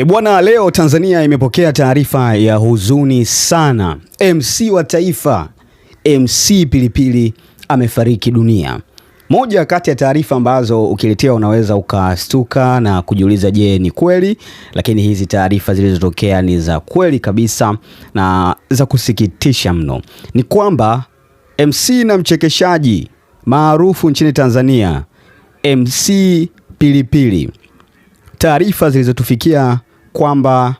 E bwana, leo Tanzania imepokea taarifa ya huzuni sana. MC wa taifa, MC Pilipili amefariki dunia. Moja kati ya taarifa ambazo ukiletea unaweza ukastuka na kujiuliza, je, ni kweli? Lakini hizi taarifa zilizotokea ni za kweli kabisa na za kusikitisha mno. Ni kwamba MC na mchekeshaji maarufu nchini Tanzania, MC Pilipili, taarifa zilizotufikia kwamba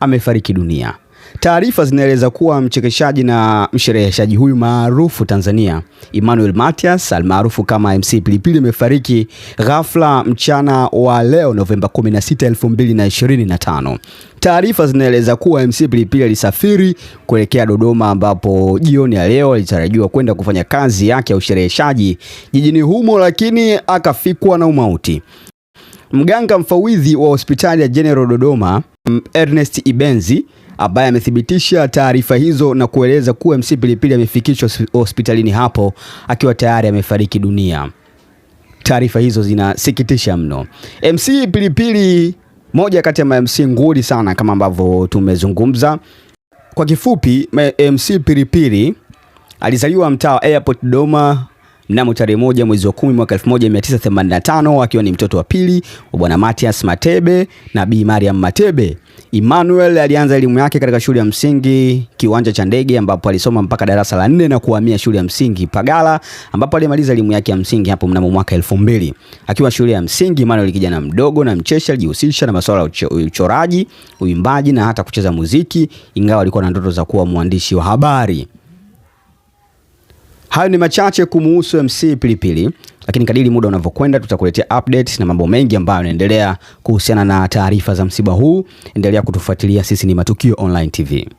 amefariki dunia. Taarifa zinaeleza kuwa mchekeshaji na mshereheshaji huyu maarufu Tanzania, Emmanuel Matias almaarufu kama MC Pilipili amefariki ghafla mchana wa leo Novemba 16, 2025. Taarifa zinaeleza kuwa MC Pilipili alisafiri kuelekea Dodoma ambapo jioni ya leo alitarajiwa kwenda kufanya kazi yake ya ushereheshaji jijini humo, lakini akafikwa na umauti. Mganga mfawidhi wa hospitali ya General Dodoma, Ernest Ibenzi ambaye amethibitisha taarifa hizo na kueleza kuwa MC Pilipili amefikishwa hospitalini hapo akiwa tayari amefariki dunia. Taarifa hizo zinasikitisha mno. MC Pilipili, moja kati ya ma-MC nguli sana kama ambavyo tumezungumza. Kwa kifupi, MC Pilipili alizaliwa mtaa wa Airport Dodoma mnamo tarehe moja mwezi wa kumi mwaka tano akiwa ni mtoto wa pili wa bwana Matias Matebe na Bi Mariam Matebe. Emmanuel alianza elimu yake katika shule ya msingi Kiwanja cha Ndege ambapo alisoma mpaka darasa la nne na kuhamia shule ya msingi Pagala ambapo alimaliza elimu yake ya msingi hapo mnamo mwaka mbili. Akiwa shule ya msingi, Emmanuel kijana mdogo na mcheshi, alijihusisha na masuala ya uchoraji, uimbaji na hata kucheza muziki, ingawa alikuwa na ndoto za kuwa mwandishi wa habari. Hayo ni machache kumuhusu MC Pilipili, lakini kadiri muda unavyokwenda tutakuletea updates na mambo mengi ambayo yanaendelea kuhusiana na taarifa za msiba huu. Endelea kutufuatilia, sisi ni Matukio Online TV.